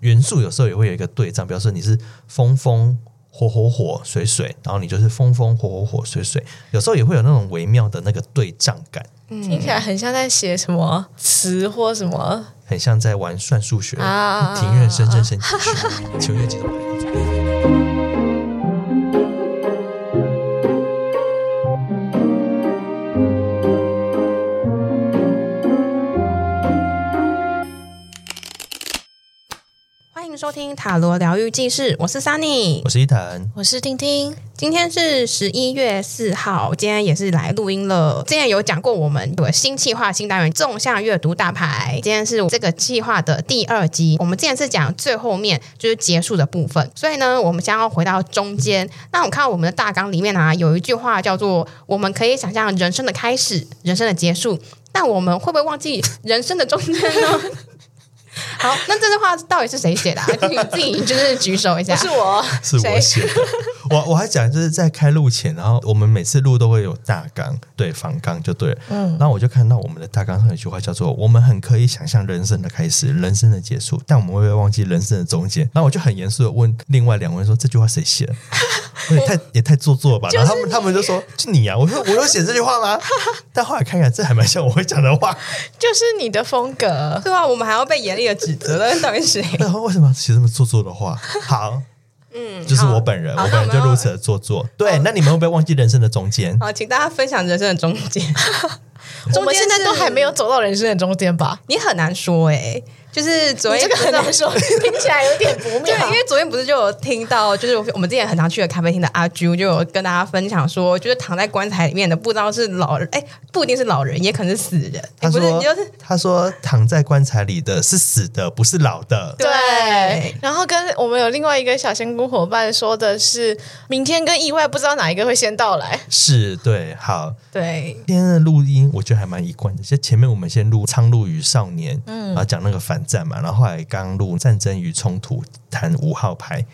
元素有時候也會有一個對仗，比方說你是風風火火火水水，然後你就是風風火火火水水，有時候也會有那種微妙的那個對仗感，聽起來很像在寫什麼詞或什麼，很像在玩算數學。庭院深深深幾許，秋月幾度。塔羅聊癒記事，我是 Sunny，我是一騰，我是聽聽。今天是十一月四號，今天也是來錄音了。之前有講過，我們有個新計劃、新單元——縱向閱讀大牌。今天是這個計劃的第二集，我們之前是講最後面，就是結束的部分。所以呢，我們將要回到中間。那我們看到我們的大綱裡面啊，有一句話叫做：“我們可以想象人生的開始，人生的結束，但我們會不會忘記人生的中間呢？” 好，那這句話到底是誰寫的、啊？你自己就是舉手一下，是我，是我寫的誰。我我還講就是在開錄前，然後我們每次錄都會有大綱，對，仿綱就對了。嗯，然後我就看到我們的大綱上有一句話叫做“我們很可以想象人生的開始，人生的結束，但我們會不會忘記人生的中間。”那我就很嚴肅的問另外兩位說：“這句話誰寫？也太也太做作了吧？”然後他們他們就說：“是你呀、啊！”我說：“我有寫這句話嗎、啊？” 但後來看一下，這還蠻像我會講的話，就是你的風格，對吧、啊？我們還要被嚴厲的。責任辦公室。那為什麼要寫這麼做作的話？好， 嗯，就是我本人，好我本人就如此的做作。好對，嗯、那你們會不會忘記人生的中間？好，請大家分享人生的中間。 我，們我們現在都還沒有走到人生的中間吧？你很難說哎、欸。就是昨天這個很難說聽起來有點不妙。 對，因為昨天不是就有聽到，就是我們之前很常去的咖啡廳的阿朱就有跟大家分享說，就是躺在棺材裡面的不知道是老人，哎，不一定是老人，也可能是死人。哎，不是，他說,、就是、說躺在棺材裡的是死的，不是老的。對。對然後跟我們有另外一個小仙姑伙伴說的是，明天跟意外不知道哪一個會先到來。是對，好，對。今天的錄音我覺得還蠻一貫的，其實前面我們先錄《蒼鷺與少年》，嗯，然後講那個反。戰嘛，然後後來剛入戰爭與衝突。談五號牌，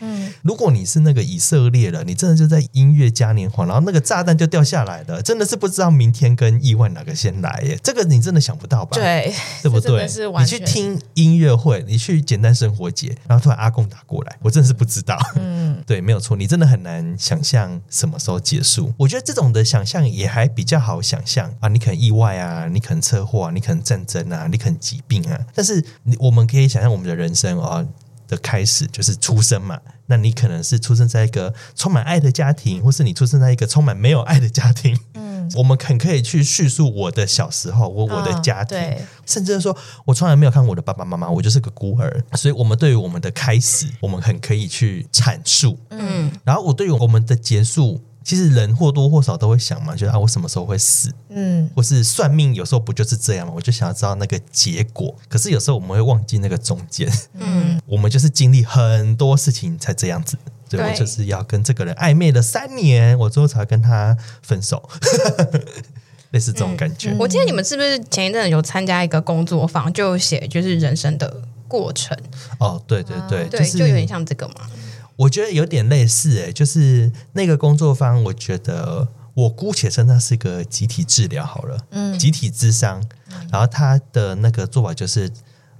如果你是那個以色列了，你真的就在音樂嘉年華，然後那個炸彈就掉下來了，真的是不知道明天跟意外哪個先來耶！這個你真的想不到吧？對，對不對？你去聽音樂會，你去簡單生活節，然後突然阿共打過來，我真的是不知道。嗯， 對，沒有錯，你真的很難想象什麼時候結束。我覺得這種的想象也還比較好想象啊！你可能意外啊，你可能車禍啊，你可能戰爭啊，你可能戰爭啊，你可能疾病啊。但是你，我們可以想象我們的人生啊、哦。的開始就是出生嘛，那你可能是出生在一個充滿愛的家庭，或是你出生在一個充滿沒有愛的家庭。嗯，我們很可以去敘述我的小時候，我、哦、我的家庭，對甚至說，我從來沒有看過我的爸爸媽媽，我就是個孤兒。所以，我們對於我們的開始，我們很可以去闡述。嗯，然後我對於我們的結束。其實人或多或少都會想嘛，就是啊，我什麼時候會死？嗯，或是算命有時候不就是這樣嘛，我就想要知道那個結果。可是有時候我們會忘記那個中間，嗯，我們就是經歷很多事情才這樣子。對，就是要跟這個人曖昧了三年，我最後才跟他分手， 類似這種感覺、嗯。我記得你們是不是前一陣子有參加一個工作坊，就寫就是人生的過程？哦，對對對，啊、對就是就有點像這個嘛。我覺得有點類似誒、欸，就是那個工作坊。我覺得我姑且稱那是一個集體治療好了，嗯，集體諮商，然後他的那個做法就是，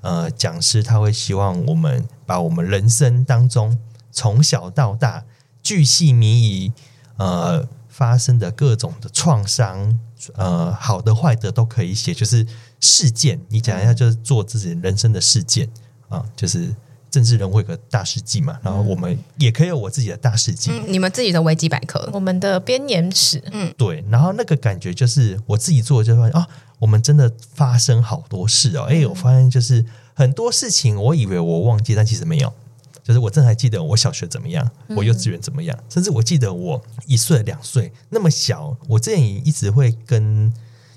呃，講師他會希望我們把我們人生當中從小到大巨細靡遺，呃，發生的各種的創傷，呃，好的壞的都可以寫，就是事件。你講一下，就是做自己人生的事件啊、呃，就是。政治人物有個大事記嘛，然後我們也可以有我自己的大事記，嗯，你們自己的維基百科，我們的編年史，嗯，對。然後那個感覺就是我自己做，就發現啊，我們真的發生好多事啊，哦。哎，我發現就是很多事情，我以為我忘記，嗯，但其實沒有。就是我真還記得我小學怎麼樣，我幼稚園怎麼樣，嗯，甚至我記得我一歲、兩歲那麼小，我之前一直會跟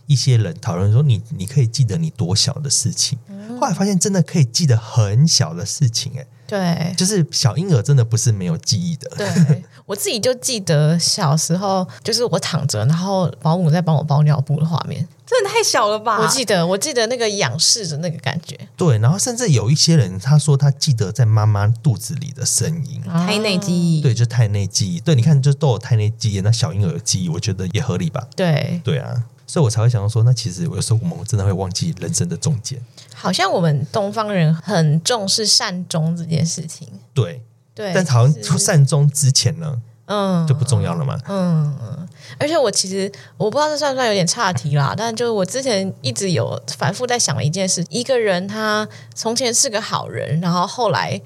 一些人討論說，你你可以記得你多小的事情。後來發現，真的可以記得很小的事情，欸，哎，對，就是小嬰兒真的不是沒有記憶的。對，我自己就記得小時候，就是我躺着，然後保姆在幫我包尿布的畫面，真的太小了吧？我記得，我記得那個仰視的那個感覺。對，然後甚至有一些人他說他記得在媽媽肚子裡的聲音，胎內記憶。對，就胎內記憶。對，你看，就都有胎內記憶，那小嬰兒記憶，我覺得也合理吧？對，對啊。所以，我才會想到說，那其實有時候我們真的會忘記人生的中間。好像我們東方人很重視善終這件事情，對對。對，但好像善終之前呢，嗯，就不重要了嘛，嗯。嗯，而且我其實我不知道這算不算有點岔題啦，但就是我之前一直有反覆在想一件事：一個人他從前是個好人，然後後來，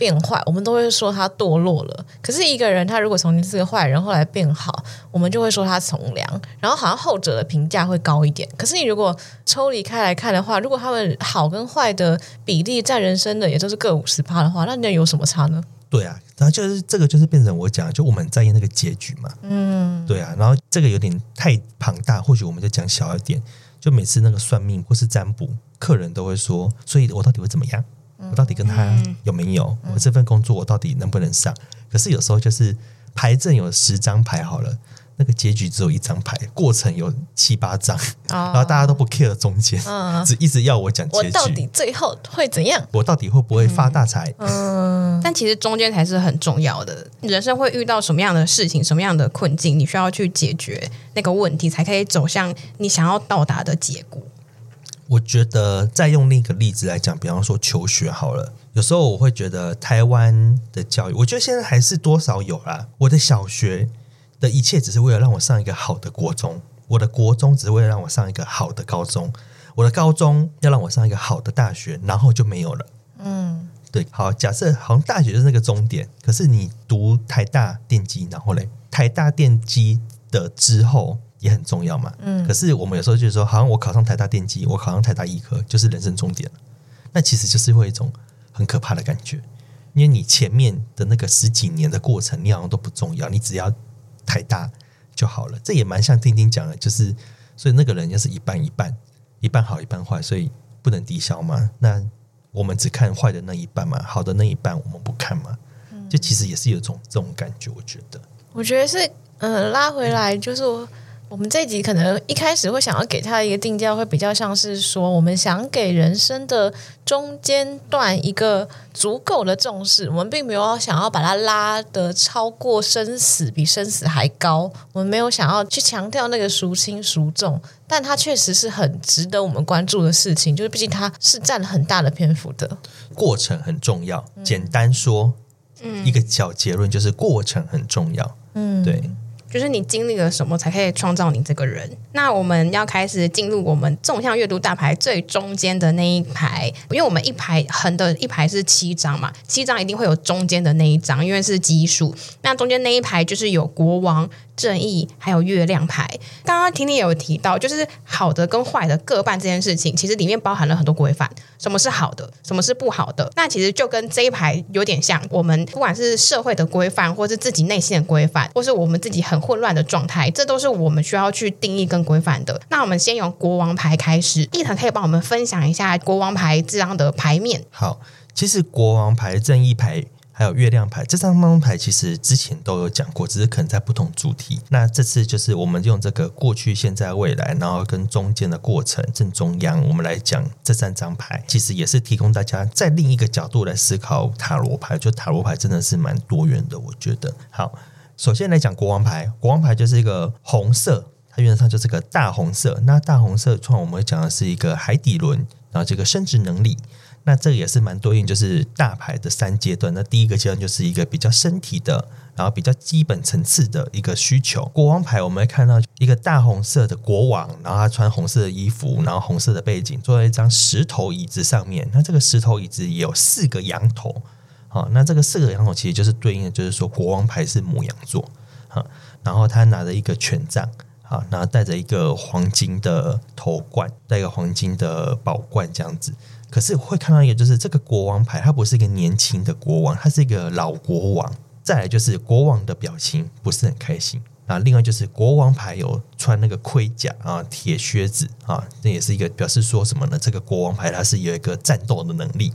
變壞，我們都會說他墮落了。可是一個人，他如果從前是個壞人，後來變好，我們就會說他從良。然後好像後者的評價會高一點。可是你如果抽離開來看的話，如果他們好跟壞的比例占人生的也就是各五十趴的話，那那有什麼差呢？對啊，然後就是這個，就是變成我講，就我們在意那個結局嘛。嗯，對啊。然後這個有點太龐大，或許我們就講小一點。就每次那個算命或是占卜，客人都會說，所以我到底會怎麼樣？我到底跟他有沒有？嗯、我這份工作我到底能不能上？嗯、可是有時候就是牌陣有十張牌好了，那個結局只有一張牌，過程有七八張，啊、然後大家都不 care 中間，啊、只一直要我講結局，我到底最後會怎樣？我到底會不會發大財？嗯，啊、但其實中間才是很重要的。人生會遇到什麼樣的事情，什麼樣的困境，你需要去解決那個問題，才可以走向你想要到達的結果。我覺得再用另一個例子來講，比方說求學好了，有時候我會覺得台灣的教育，我覺得現在還是多少有啦、啊。我的小學的一切只是為了讓我上一個好的國中，我的國中只是為了讓我上一個好的高中，我的高中要讓我上一個好的大學，然後就沒有了。嗯，對，好，假設好像大學就是那個終點，可是你讀台大電機，然後呢，台大電機的之後。也很重要嘛，嗯、可是我們有時候就是說，好像我考上台大電機，我考上台大醫科，就是人生終點了，那其實就是會一種很可怕的感覺，因為你前面的那個十幾年的過程，你好像都不重要，你只要台大就好了。這也蠻像聽聽講的，就是所以那個人要是一半一半，一半好一半壞，所以不能抵消嘛。那我們只看壞的那一半嘛，好的那一半我們不看嘛，嗯、就其實也是有一種這種感覺。我覺得，我覺得是，嗯、呃，拉回來、嗯、就是我。我們這一集可能一開始會想要給他一個定調，會比較像是說，我們想給人生的中間段一個足夠的重視。我們並沒有想要把它拉得超過生死，比生死還高。我們沒有想要去強調那個孰輕孰重，但它確實是很值得我們關注的事情。就是畢竟它是佔了很大的篇幅的，過程很重要。簡單說，嗯，一個小結論就是過程很重要。嗯，對。就是你經歷了什麼，才可以創造你這個人。那我們要開始進入我們縱向閱讀大牌最中間的那一排，因為我們一排橫的一排是七張嘛，七張一定會有中間的那一張，因為是奇數。那中間那一排就是有國王。正義，還有月亮牌。剛剛聽聽也有提到，就是好的跟壞的各半這件事情，其實裡面包含了很多規範。什麼是好的，什麼是不好的？那其實就跟這一排有點像。我們不管是社會的規範，或是自己內心的規範，或是我們自己很混亂的狀態，這都是我們需要去定義跟規範的。那我們先由國王牌開始。一騰可以幫我們分享一下國王牌這張的牌面。好，其實國王牌、正義牌。還有月亮牌，這三張牌其實之前都有講過，只是可能在不同主題。那這次就是我們用這個過去、現在、未來，然後跟中間的過程，正中央，我們來講這三張牌，其實也是提供大家在另一個角度來思考塔羅牌。就塔羅牌真的是蠻多元的，我覺得。好，首先來講國王牌，國王牌就是一個紅色，它原則上就是一個大紅色。那大紅色，創我們講的是一個海底輪，然後這個生殖能力。那這個也是蠻對應，就是大牌的三階段。那第一個階段就是一個比較身體的，然後比較基本層次的一個需求。國王牌我們會看到一個大紅色的國王，然後他穿紅色的衣服，然後紅色的背景，坐在一張石頭椅子上面。那這個石頭椅子也有四個羊頭，好、啊，那這個四個羊頭其實就是對應的，就是說國王牌是牡羊座，好、啊，然後他拿着一個權杖。啊，然後戴着一個黃金的頭冠，戴一個黃金的寶冠這樣子。可是會看到一個，就是這個國王牌，它不是一個年輕的國王，他是一個老國王。再來就是國王的表情不是很開心。啊，另外就是國王牌有穿那個盔甲啊、鐵靴、靴子啊，那也是一個表示說什麼呢？這個國王牌它是有一個戰鬥的能力。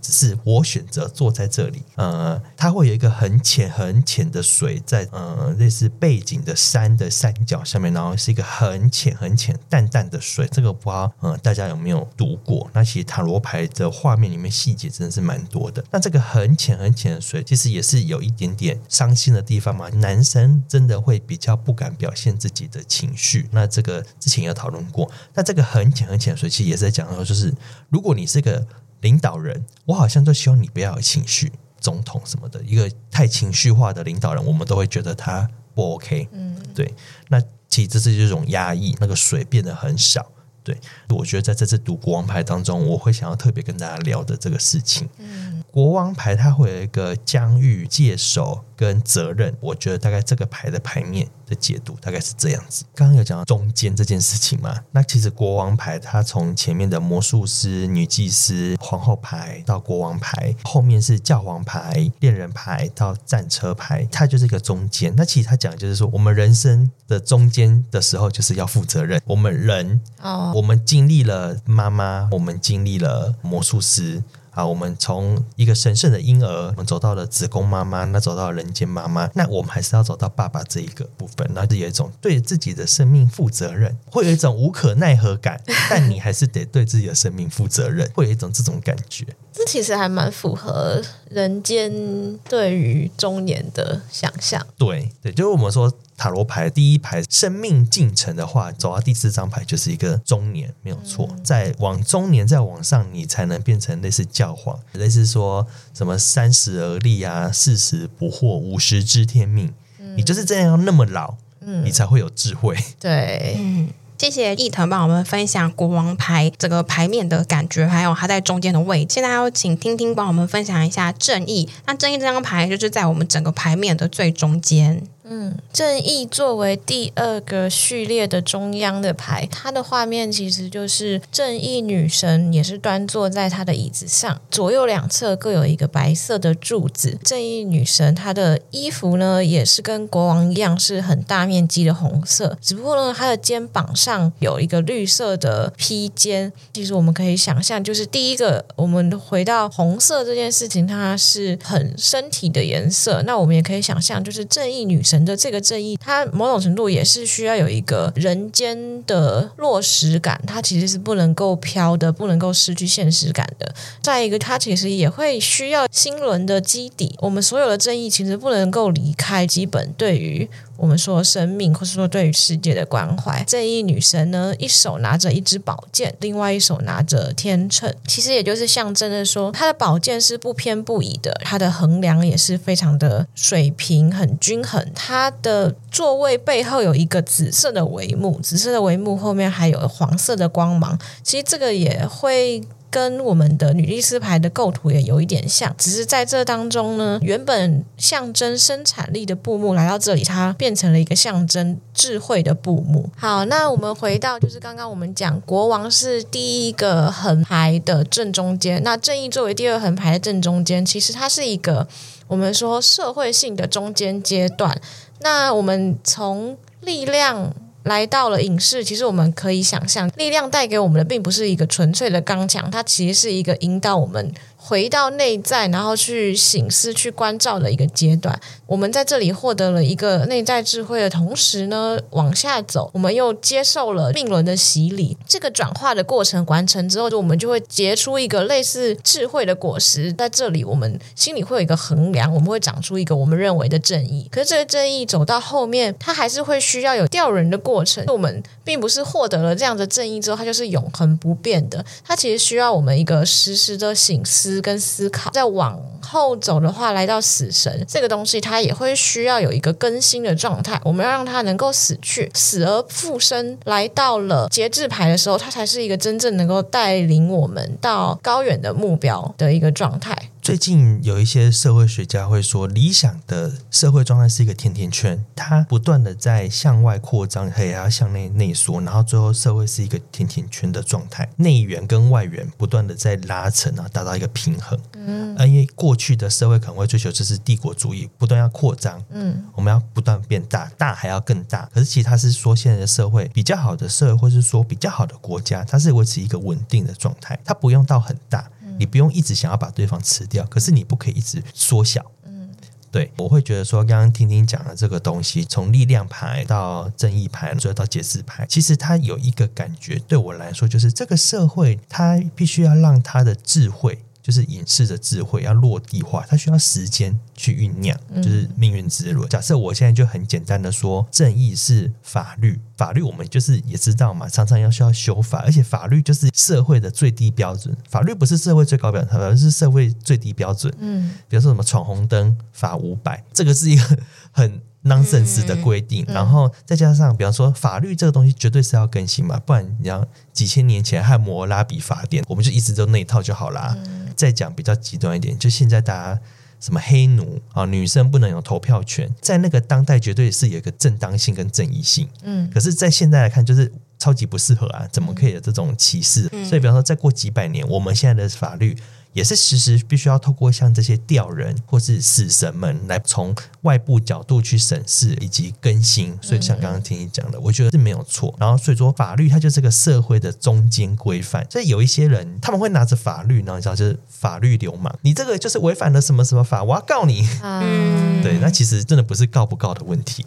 只是我選擇坐在這裡，呃，它會有一個很淺很淺的水在，在呃類似背景的山的山腳下面，然後是一個很淺很淺、淡淡的水。這個不知道呃大家有沒有讀過？那其實塔羅牌的畫面裡面細節真的是蠻多的。那這個很淺很淺的水，其實也是有一點點傷心的地方嘛。男生真的會比較不敢表現自己的情緒。那這個之前也有討論過。那這個很淺很淺的水，其實也是在講說，就是如果你是個領導人，我好像都希望你不要有情緒。總統什麼的，一個太情緒化的領導人，我們都會覺得他不 OK。嗯，對。那其實這是一種壓抑，那個水變得很少。對，我覺得在這次讀國王牌當中，我會想要特別跟大家聊的這個事情。嗯。國王牌它會有一個疆域、戒守跟責任，我覺得大概這個牌的牌面的解讀大概是這樣子。剛剛有講到中間這件事情嘛？那其實國王牌它從前面的魔術師、女祭司、皇後牌到國王牌，後面是教皇牌、戀人牌到戰車牌，它就是一個中間。那其實他講的就是說，我們人生的中間的時候就是要負責任。我們人，哦，oh. 我們經歷了媽媽，我們經歷了魔術師。啊，我們從一個神聖的嬰兒，我們走到了子宮媽媽，那走到了人間媽媽，那我們還是要走到爸爸這一個部分，那是有一種對自己的生命負責任，會有一種無可奈何感， 但你還是得對自己的生命負責任，會有一種這種感覺。這其實還蠻符合人間對於中年的想象。對對，就是我們說。塔羅牌第一排生命進程的話，走到第四張牌就是一個中年，沒有錯。嗯、在往中年再往上，你才能變成類似教皇，類似說什麼三十而立啊，四十不惑，五十知天命。嗯、你就是這樣要那麼老，嗯、你才會有智慧。對，嗯，謝謝一騰幫我們分享國王牌整個牌面的感覺，還有它在中間的位置。現在要請聽聽幫我們分享一下正義。那正義這張牌就是在我們整個牌面的最中間。嗯，正義作為第二個序列的中央的牌，它的畫面其實就是正義女神，也是端坐在她的椅子上，左右兩側各有一個白色的柱子。正義女神她的衣服呢，也是跟國王一樣是很大面積的紅色，只不過呢，她的肩膀上有一個綠色的披肩。其實我們可以想象，就是第一個，我們回到紅色這件事情，它是很身體的顏色，那我們也可以想象，就是正義女神。這個正義，它某種程度也是需要有一個人間的落實感，它其實是不能夠飄的，不能夠失去現實感的。再一個，它其實也會需要新輪的基底，我們所有的正義其實不能夠離開基本對於。我們說生命，或是說對於世界的關懷，正義女神呢，一手拿着一支寶劍，另外一手拿着天秤，其實也就是象徵著說，她的寶劍是不偏不倚的，她的衡量也是非常的水平，很均衡。她的座位背後有一個紫色的帷幕，紫色的帷幕後面還有黃色的光芒，其實這個也會。跟我們的女祭司牌的構圖也有一點像，只是在這當中呢，原本象徵生產力的布幕來到這裡，它變成了一個象徵智慧的布幕。好，那我們回到就是剛剛我們講國王是第一個橫排的正中間，那正義作為第二橫排的正中間，其實它是一個我們說社會性的中間階段。那我們從力量。來到了影視，其實我們可以想象，力量帶給我們的並不是一個純粹的剛強，它其實是一個引導我們。回到內在，然後去省思、去關照的一個階段。我們在這裡獲得了一個內在智慧的同時呢，往下走，我們又接受了命輪的洗禮。這個轉化的過程完成之後，就我們就會結出一個類似智慧的果實。在這裡，我們心裡會有一個衡量，我們會長出一個我們認為的正義。可是這個正義走到後面，它還是會需要有吊人的過程。我們並不是獲得了這樣的正義之後，它就是永恆不變的。它其實需要我們一個時時的省思。跟思考，再往後走的話，來到死神這個東西，它也會需要有一個更新的狀態。我們要讓它能夠死去，死而復生。來到了節制牌的時候，它才是一個真正能夠帶領我們到高遠的目標的一個狀態。最近有一些社會學家會說，理想的社會狀態是一個甜甜圈，它不斷的在向外擴張，也還要向內內縮，然後最後社會是一個甜甜圈的狀態，內緣跟外緣不斷的在拉扯呢、啊，達到一個平衡。嗯，而因為過去的社會可能會追求這是帝國主義，不斷要擴張，嗯，我們要不斷變大，大還要更大，可是其實它是說現在的社會比較好的社會，或者是說比較好的國家，它是維持一個穩定的狀態，它不用到很大。你不用一直想要把對方吃掉，可是你不可以一直縮小。嗯，對，我會覺得說，剛剛聽聽講的這個東西，從力量牌到正義牌，說到節制牌，其實它有一個感覺，對我來說就是這個社會，它必須要讓它的智慧。就是隱士的智慧要落地化，它需要時間去醞釀，嗯、就是命運之輪。假設我現在就很簡單的說，正義是法律，法律我們就是也知道嘛，常常要需要修法，而且法律就是社會的最低標準，法律不是社會最高標準，法律是社會最低標準。嗯，比方說什麼闖紅燈罰五百，500, 這個是一個很 nonsense 的規定。嗯、然後再加上，比方說法律這個東西絕對是要更新嘛，不然你像幾千年前漢摩拉比法典，我們就一直都那一套就好啦。嗯再講比較極端一點，就現在大家什麼黑奴啊，女生不能有投票權，在那個當代絕對是有一個正當性跟正義性。嗯，可是，在現在來看，就是超級不適合啊，怎麼可以有這種歧視？嗯、所以，比方說，再過幾百年，我們現在的法律。也是，其實必須要透過像這些吊人或是死神們來從外部角度去審視以及更新。所以像剛剛聽你講的，我覺得是沒有錯。然後所以說，法律它就是個社會的中間規範。所以有一些人他們會拿着法律，你知道，就是法律流氓。你這個就是違反了什麼什麼法，我要告你。嗯、對，那其實真的不是告不告的問題。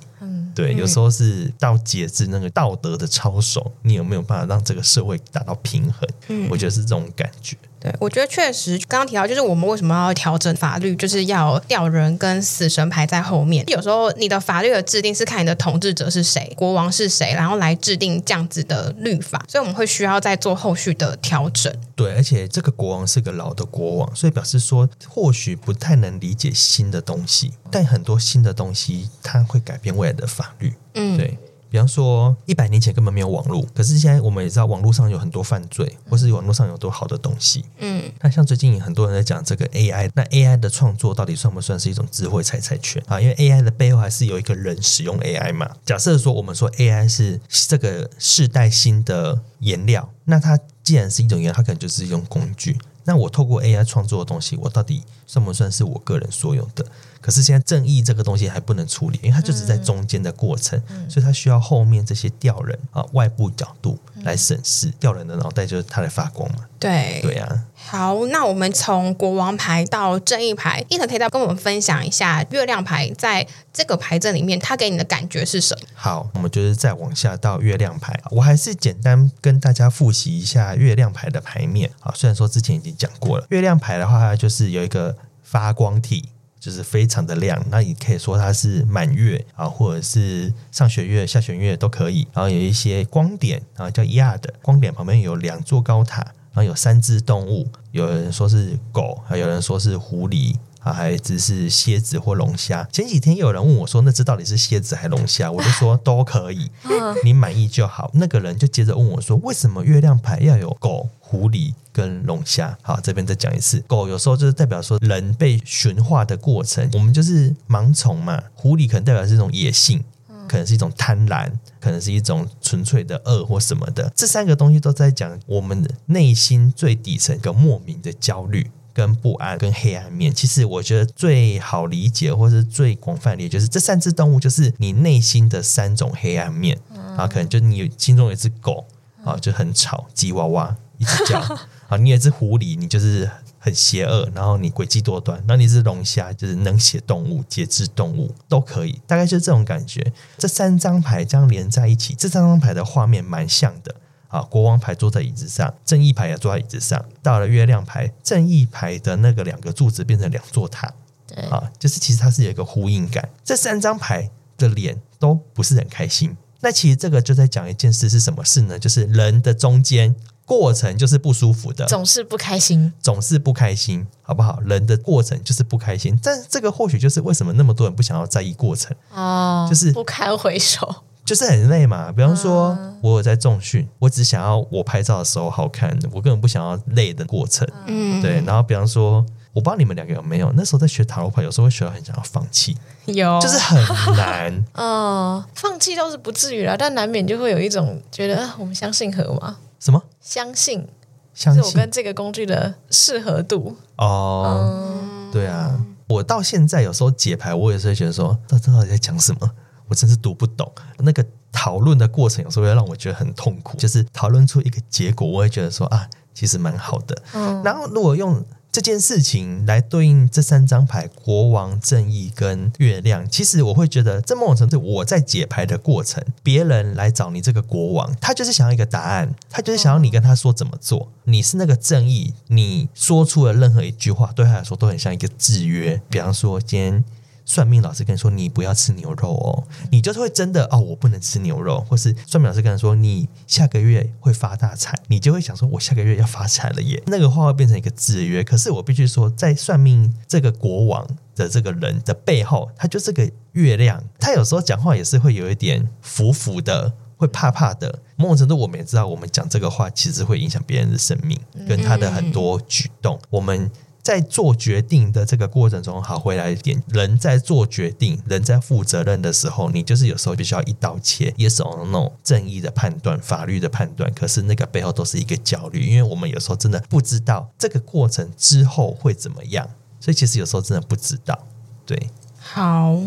對，有時候是到節制那個道德的操守，你有沒有辦法讓這個社會達到平衡？我覺得是這種感覺。對，我覺得確實剛剛提到，就是我們為什麼要調整法律，就是要吊人跟死神牌在後面。有時候你的法律的制定是看你的統治者是誰，國王是誰，然後來制定這樣子的律法，所以我們會需要再做後續的調整。對，而且這個國王是個老的國王，所以表示說或許不太能理解新的東西，但很多新的東西它會改變未來的法律。嗯，對。比方說，一百年前根本沒有網絡，可是現在我們也知道網絡上有很多犯罪，或是網絡上有很多好的東西。嗯，那像最近很多人在講這個 AI，那 AI 的創作到底算不算是一種智慧財產權啊？因為 AI 的背後還是有一個人使用 AI 嘛。假設說我們說 AI 是這個世代新的顏料，那它既然是一種顏料，它可能就是一種工具。那我透過 AI 創作的東西，我到底這麼算，算是我個人所有的。可是現在正義這個東西還不能處理，因為它就是在中間的過程，嗯、所以它需要後面這些調人啊、外部角度來審視，調、嗯、人的腦袋就是它來發光嘛。對對啊，好，那我們從國王牌到正義牌，一 t 可以再跟我們分享一下月亮牌在這個牌陣裡面，它給你的感覺是什麼？好，我們就是再往下到月亮牌，我還是簡單跟大家複習一下月亮牌的牌面啊。雖然說之前已經講過了，月亮牌的話它就是有一個。發光體就是非常的亮，那你可以說它是滿月啊，或者是上弦月、下弦月，都可以。然後有一些光點啊，叫亞的光點，旁邊有兩座高塔，然後有三隻動物，有人說是狗，還有人說是狐狸啊，還有一隻是蠍子或龍蝦。前幾天有人問我說，那只到底是蠍子還是龍蝦？我就說都可以，你滿意就好。那個人就接着問我說，為什麼月亮牌要有狗、狐狸？跟龍蝦，好，這邊再講一次。狗有時候就是代表說人被馴化的過程，我們就是盲從嘛。狐狸可能代表是一種野性，嗯、可能是一種貪婪，可能是一種純粹的惡或什麼的。這三個東西都在講我們的內心最底層一個莫名的焦慮、跟不安、跟黑暗面。其實我覺得最好理解，或是最廣泛理解，就是這三隻動物就是你內心的三種黑暗面。然、嗯、可能就你心中有一隻狗啊，就很吵，嘰哇哇。 一直叫啊！你也是狐狸，你就是很邪惡，然後你詭計多端。那你是龍蝦，就是能寫動物、節肢動物都可以。大概就是這種感覺。這三張牌這樣連在一起，這三張牌的畫面蠻像的啊！國王牌坐在椅子上，正義牌也坐在椅子上。到了月亮牌，正義牌的那個兩個柱子變成兩座塔。對啊，就是其實它是有一個呼應感。這三張牌的臉都不是很開心。那其實這個就在講一件事，是什麼事呢？就是人的中間。過程就是不舒服的，總是不開心，總是不開心，好不好？人的過程就是不開心，但這個或許就是為什麼那麼多人不想要在意過程啊，哦、就是不堪回首，就是很累嘛。比方說，嗯、我有在重訓，我只想要我拍照的時候好看，我根本不想要累的過程。嗯，對。然後，比方說，我不知道你們兩個有沒有，那時候在學塔羅牌，有時候會學到很想要放棄，有，就是很難。嗯 哦，放棄倒是不至於了，但難免就會有一種覺得，啊，我們相信和嗎？什麼？相信相信，就是，我跟這個工具的適合度哦，嗯、對啊，我到現在有時候解牌，我也是會覺得說，這到底在講什麼？我真是讀不懂。那個討論的過程有時候會讓我覺得很痛苦，就是討論出一個結果，我也覺得說啊，其實蠻好的。嗯，然後如果用，這件事情來對應這三張牌：國王、正義跟月亮。其實我會覺得，這某種程度是我在解牌的過程，別人來找你這個國王，他就是想要一個答案，他就是想要你跟他說怎麼做。你是那個正義，你說出了任何一句話，對他來說都很像一個制約。比方說，今天。算命老師跟你說：“你不要吃牛肉哦，你就是會真的哦，我不能吃牛肉。”或是算命老師跟你說：“你下個月會發大財，你就會想說：我下個月要發財了耶。”那個話會變成一個制約。可是我必須說，在算命這個國王的這個人的背後，他就是個月亮。他有時候講話也是會有一點浮浮的，會怕怕的。某種程度，我們也知道，我們講這個話其實會影響別人的生命跟他的很多舉動。嗯、我們。在做決定的這個過程中，好回來一點，人在做決定，人在負責任的時候，你就是有時候必須要一刀切，yes or no，正義的判斷、法律的判斷。可是那個背後都是一個焦慮，因為我們有時候真的不知道這個過程之後會怎麼樣，所以其實有時候真的不知道。對，好。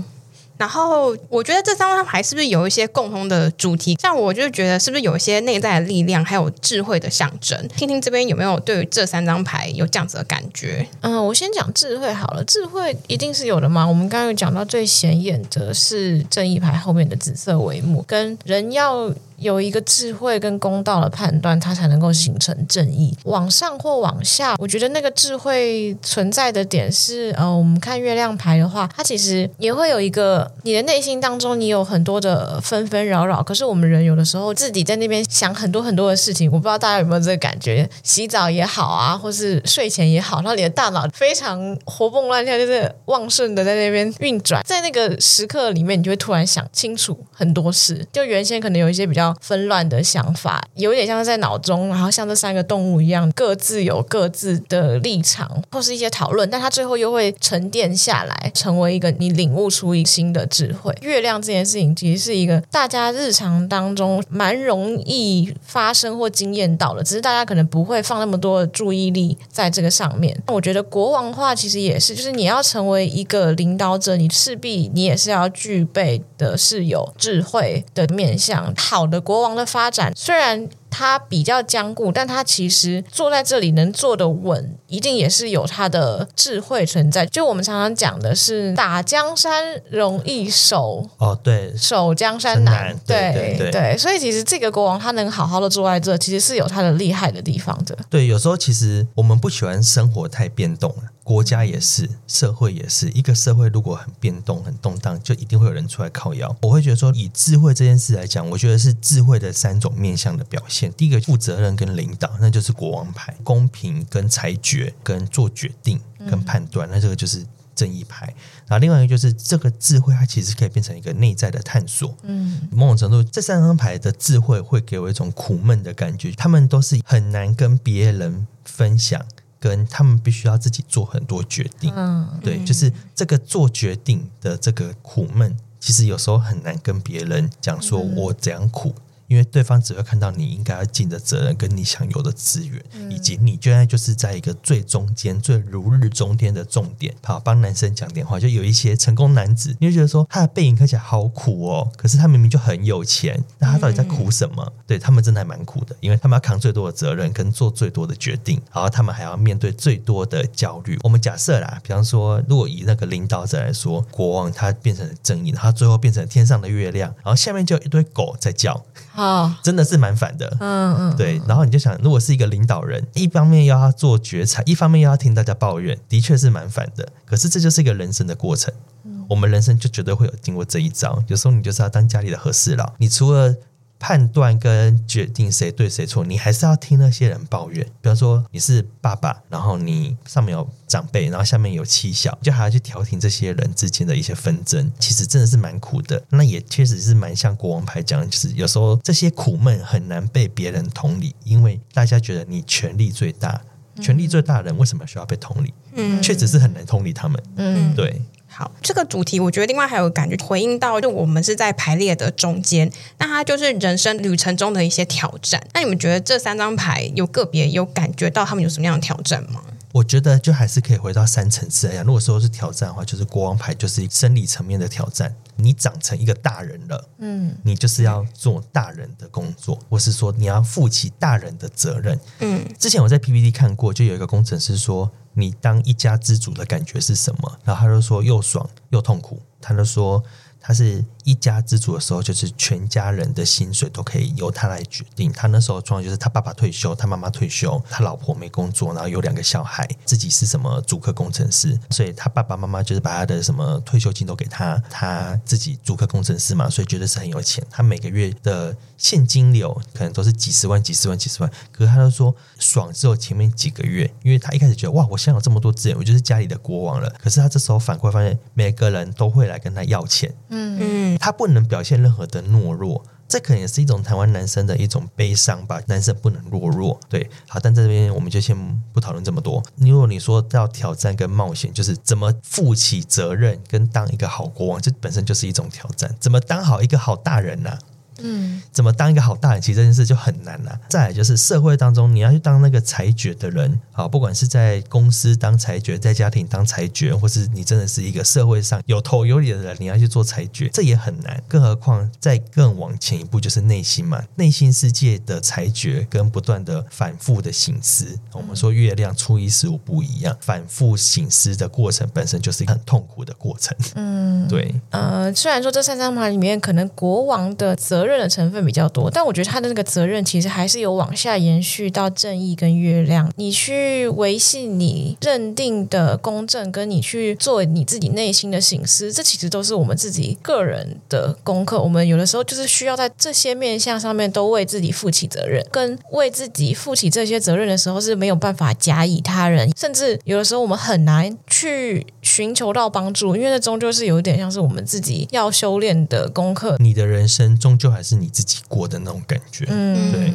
然後我覺得這三張牌是不是有一些共同的主題？像我就覺得是不是有一些內在的力量，還有智慧的象徵？聽聽這邊有沒有對於這三張牌有這樣子的感覺？嗯，我先講智慧好了，智慧一定是有的嘛。我們剛剛有講到最顯眼的是正義牌後面的紫色帷幕，跟人要，有一個智慧跟公道的判斷，它才能夠形成正義。往上或往下，我覺得那個智慧存在的點是，呃，我們看月亮牌的話，它其實也會有一個你的內心當中，你有很多的紛紛擾擾。可是我們人有的時候自己在那邊想很多很多的事情，我不知道大家有沒有這個感覺。洗澡也好啊，或是睡前也好，然後你的大腦非常活蹦亂跳，就是旺盛的在那邊運轉。在那個時刻裡面，你就會突然想清楚很多事。就原先可能有一些比較。紛亂的想法，有一點像是在腦中，然後像這三個動物一樣，各自有各自的立場，或是一些討論，但他最後又會沉澱下來，成為一個你領悟出一個新的智慧。月亮這件事情其實是一個大家日常當中蠻容易發生或經驗到的，只是大家可能不會放那麼多的注意力在這個上面。那我覺得國王的話其實也是，就是你要成為一個領導者，你勢必你也是要具備的是有智慧的面向，好。國王的發展雖然他比較僵固，但他其實坐在這裡能坐得穩，一定也是有他的智慧存在。就我們常常講的是，打江山容易守哦，對，守江山難。難，對對，對，對，對，所以其實這個國王他能好好的坐在這，其實是有他的厲害的地方的。對，有時候其實我們不喜歡生活太變動了。國家也是，社會也是。一個社會如果很變動、很動盪，就一定會有人出來靠腰。我會覺得說，以智慧這件事來講，我覺得是智慧的三種面向的表現。第一個，負責任跟領導，那就是國王牌；公平跟裁決跟做決定跟判斷，嗯、那這個就是正義牌。然後另外一個就是這個智慧，它其實可以變成一個內在的探索。嗯，某種程度，這三張牌的智慧會給我一種苦悶的感覺。他們都是很難跟別人分享。跟他們必須要自己做很多決定，嗯、對，就是這個做決定的這個苦悶，其實有時候很難跟別人講，說我怎樣苦。嗯因為對方只會看到你應該要盡的責任，跟你享有的資源，嗯、以及你現在就是在一個最中間、最如日中天的重點，好，幫男生講電話。就有一些成功男子，你就覺得說他的背影看起來好苦哦，可是他明明就很有錢，那他到底在苦什麼？嗯、對他們真的還蠻苦的，因為他們要扛最多的責任，跟做最多的決定，然後他們還要面對最多的焦慮。我們假設啦，比方說，如果以那個領導者來說，國王他變成了正義，他最後變成天上的月亮，然後下面就有一堆狗在叫。Oh, 真的是蠻煩的，嗯嗯，嗯，對，然後你就想，如果是一個領導人，一方面要他做決策，一方面要要聽大家抱怨，的確是蠻煩的。可是這就是一個人生的過程，嗯、我們人生就絕對會有經過這一遭。有時候你就是要當家裡的和事佬，你除了判斷跟決定誰對誰錯，你還是要聽那些人抱怨。比方說你是爸爸，然後你上面有長輩，然後下面有妻小，就還要去調停這些人之間的一些紛爭。其實真的是蠻苦的。那也確實是蠻像國王牌講的，就是有時候這些苦悶很難被別人同理，因為大家覺得你權力最大，權力最大的人為什麼需要被同理？嗯，確實是很難同理他們。嗯，對。好，這個主題我覺得另外還有感覺回應到，就我們是在排列的中間，那它就是人生旅程中的一些挑戰。那你們覺得這三張牌有個別有感覺到他們有什麼樣的挑戰嗎？我覺得就還是可以回到三層次來講。如果說是挑戰的話，就是國王牌就是生理層面的挑戰。你長成一個大人了，嗯，你就是要做大人的工作，或對是說你要負起大人的責任。嗯，之前我在 PPT 看過，就有一個工程師說。你當一家之主的感覺是什麼？然後他就說，又爽又痛苦，他就說。他是一家之主的時候，就是全家人的薪水都可以由他來決定。他那時候狀況就是他爸爸退休，他媽媽退休，他老婆沒工作，然後有兩個小孩，自己是什麼竹科工程師，所以他爸爸媽媽就是把他的什麼退休金都給他，他自己竹科工程師嘛，所以覺得是很有錢。他每個月的現金流可能都是幾十萬、幾十萬、幾十萬。可是他都說爽只有前面幾個月，因為他一開始覺得哇，我現在有這麼多資源，我就是家裡的國王了。可是他這時候反過來發現，每個人都會來跟他要錢。嗯嗯，他不能表現任何的懦弱，這可能也是一種台灣男生的一種悲傷吧。男生不能懦弱，弱，對，好，但這邊我們就先不討論這麼多。如果你說要挑戰跟冒險，就是怎麼負起責任，跟當一個好國王，這本身就是一種挑戰。怎麼當好一個好大人呢、啊？嗯，怎麼當一個好大人，其實這件事就很難吶、啊。再來就是社會當中，你要去當那個裁決的人啊，不管是在公司當裁決，在家庭當裁決，或是你真的是一個社會上有頭有臉的人，你要去做裁決，這也很難。更何況再更往前一步就是內心嘛，內心世界的裁決跟不斷的反覆的省思，嗯、我們說月亮初一十五不一樣，反覆省思的過程本身就是一個很痛苦的過程。嗯，對，呃，雖然說這三張牌裡面可能國王的責任責任的成分比較多，但我覺得他的那個責任其實還是有往下延續到正義跟月亮。你去維繫你認定的公正，跟你去做你自己內心的省思，這其實都是我們自己個人的功課。我們有的時候就是需要在這些面向上面都為自己負起責任，跟為自己負起這些責任的時候是沒有辦法假以他人，甚至有的時候我們很難去。尋求到幫助，因為那終究是有點像是我們自己要修煉的功課。你的人生終究還是你自己過的那種感覺。嗯，對。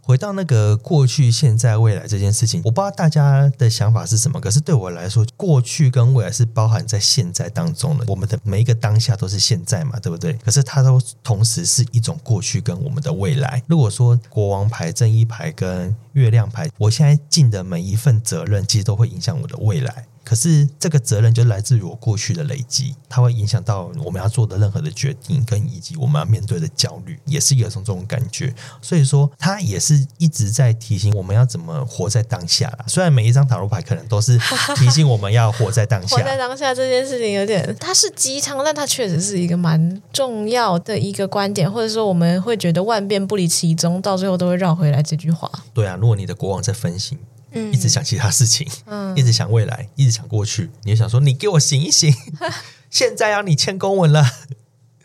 回到那個過去、現在、未來這件事情，我不知道大家的想法是什麼。可是對我來說，過去跟未來是包含在現在當中的。我們的每一個當下都是現在嘛，對不對？可是它都同時是一種過去跟我們的未來。如果說國王牌、正義牌跟月亮牌，我現在盡的每一份責任，其實都會影響我的未來。可是這個責任就來自於我過去的累積，它會影響到我們要做的任何的決定，跟以及我們要面對的焦慮，也是有種這種感覺。所以說，它也是一直在提醒我們要怎麼活在當下啦。雖然每一張塔羅牌可能都是提醒我們要活在當下， 活在當下這件事情有點它是雞湯，但它確實是一個蠻重要的一個觀點，或者說我們會覺得萬變不離其宗，到最後都會繞回來這句話。對啊，如果你的國王在分心。一直想其他事情，嗯嗯、一直想未來，一直想過去，你就想說，你給我醒一醒， 現在要你簽公文了，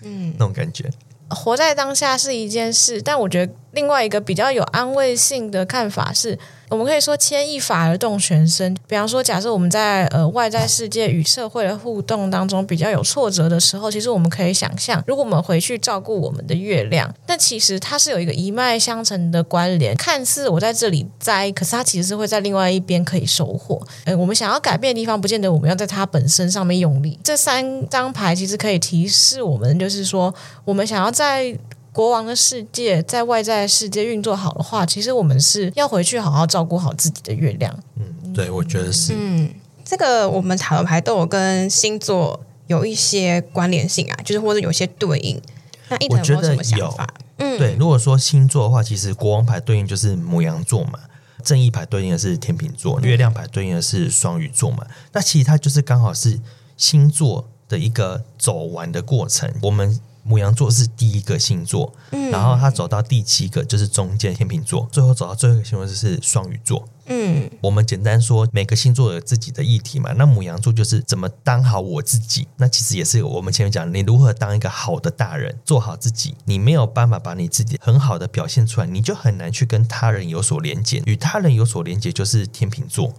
嗯，那種感覺，活在當下是一件事，但我覺得另外一個比較有安慰性的看法是。我們可以說牽一髮而動全身。比方說，假設我們在呃外在世界與社會的互動當中比較有挫折的時候，其實我們可以想象，如果我們回去照顧我們的月亮，那其實它是有一個一脈相承的關聯。看似我在這裡栽，可是它其實是會在另外一邊可以收穫。誒、呃，我們想要改變的地方，不見得我們要在它本身上面用力。這三張牌其實可以提示我們，就是說我們想要在。國王的世界在外在的世界運作好的話，其實我們是要回去好好照顧好自己的月亮。嗯，對，我覺得是。嗯，這個我們塔羅牌都有跟星座有一些關聯性啊，就是或者有些對應。那一騰有沒有什麼想法？嗯，對，如果說星座的話，其實國王牌對應就是牡羊座嘛，正義牌對應的是天秤座，月亮牌對應的是雙魚座嘛。那其實它就是剛好是星座的一個走完的過程。我們。牡羊座是第一個星座，嗯，然後他走到第七個就是中間天秤座，最後走到最後一個星座就是雙魚座，嗯，我們簡單說每個星座有自己的議題嘛，那牡羊座就是怎麼當好我自己，那其實也是我們前面講你如何當一個好的大人，做好自己，你沒有辦法把你自己很好的表現出來，你就很難去跟他人有所連接，與他人有所連接就是天秤座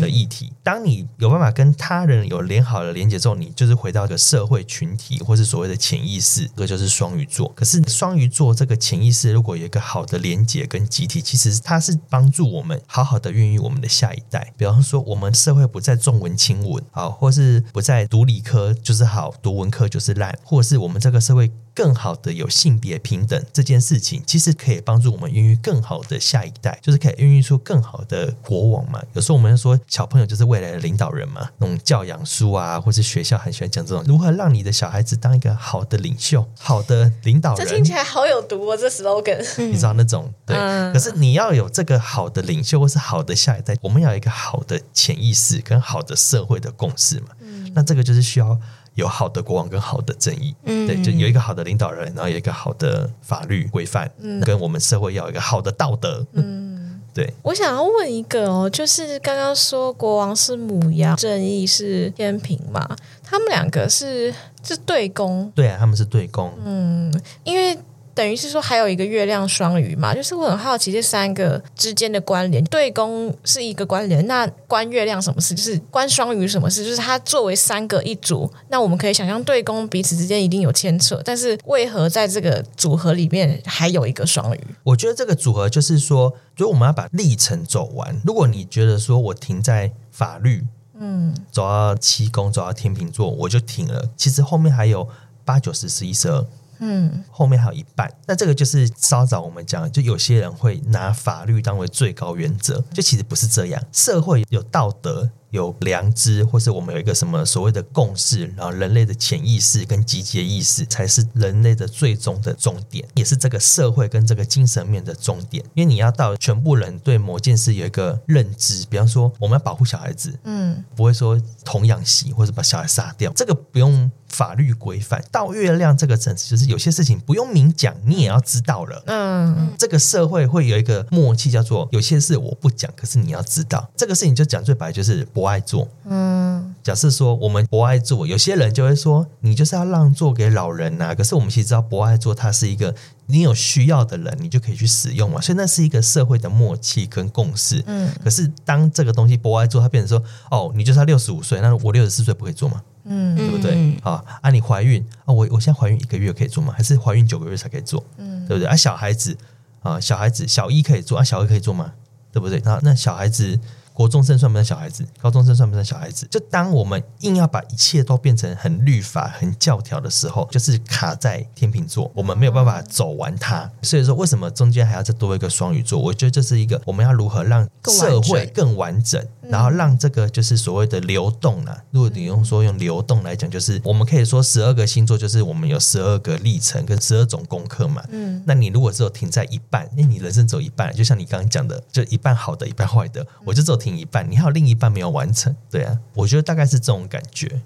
的議題，當你有辦法跟他人有良好的連接之後，你就是回到一個社會群體，或是所謂的潛意識，這個就是雙魚座。可是雙魚座這個潛意識，如果有一個好的連接跟集體，其實它是幫助我們好好的孕育我們的下一代。比方說，我們社會不再重文輕文啊，或是不再讀理科就是好，讀文科就是爛，或者是我們這個社會。更好的有性別平等這件事情，其實可以幫助我們孕育更好的下一代，就是可以孕育出更好的國王嘛。有時候我們說小朋友就是未來的領導人嘛，那種教養書啊，或是學校很喜歡講這種如何讓你的小孩子當一個好的領袖、好的領導人。這聽起來好有毒哦，這 slogan。你，嗯、你知道那種對，嗯、可是你要有這個好的領袖或是好的下一代，我們要有一個好的潛意識跟好的社會的共識嘛。嗯、那這個就是需要。有好的國王跟好的正義，嗯、對，就有一個好的領導人，然後有一個好的法律規範，嗯、跟我們社會要有一個好的道德。嗯，對。我想要問一個哦，就是剛剛說國王是牡羊，正義是天秤嘛？他們兩個是是對宮？對啊，他們是對宮。嗯，因為。等於是說，還有一個月亮雙魚嘛，就是我很好奇這三個之間的關聯。對宮是一個關聯，那關月亮什麼事？就是關雙魚什麼事？就是它作為三個一組，那我們可以想象對宮彼此之間一定有牽扯，但是為何在這個組合裡面還有一個雙魚？我覺得這個組合就是說，所以我們要把歷程走完。如果你覺得說我停在法律，嗯，走到七宮，走到天秤座，我就停了。其實後面還有八九十十一十二。嗯，後面還有一半。那這個就是稍早我們講，就有些人會拿法律當為最高原則，就其實不是這樣。社會有道德、有良知，或是我們有一個什麼所謂的共識，然後人類的潛意識跟集結意識，才是人類的最終的終點，也是這個社會跟這個精神面的重點。因為你要到全部人對某件事有一個認知，比方說我們要保護小孩子，嗯，不會說童養媳或者把小孩殺掉，這個不用。法律規範到月亮這個層次，就是有些事情不用明講，你也要知道了。嗯，這個社會會有一個默契，叫做有些事我不講，可是你要知道。這個事情就講最白，就是博愛座。嗯，假設說我們博愛座，有些人就會說你就是要讓座給老人吶、啊。可是我們其實知道博愛座，它是一個你有需要的人，你就可以去使用嘛。所以那是一個社會的默契跟共識。嗯，可是當這個東西博愛座，它變成說哦，你就是他六十五歲，那我六十四歲不可以做嗎？嗯，對不對啊、嗯？啊，你懷孕啊我？我我現在懷孕一個月可以做嗎？還是懷孕九個月才可以做？嗯，對不對？啊，小孩子啊，小孩子小一可以做啊，小二可以做嗎？對不對？那那小孩子，國中生算不算小孩子？高中生算不算小孩子？就當我們硬要把一切都變成很律法，很教條的時候，就是卡在天秤座，我們沒有辦法走完它。嗯、所以說，為什麼中間還要再多一個雙魚座？我覺得這是一個我們要如何讓社會更完整。然後讓這個就是所謂的流動呢、啊，如果你用說用流動來講，就是我們可以說十二個星座就是我們有十二個歷程跟十二種功課嘛。嗯，那你如果只有停在一半，因為你人生走一半，就像你剛剛講的，就一半好的一半壞的，我就只有停一半，你還有另一半沒有完成，對啊，我覺得大概是這種感覺。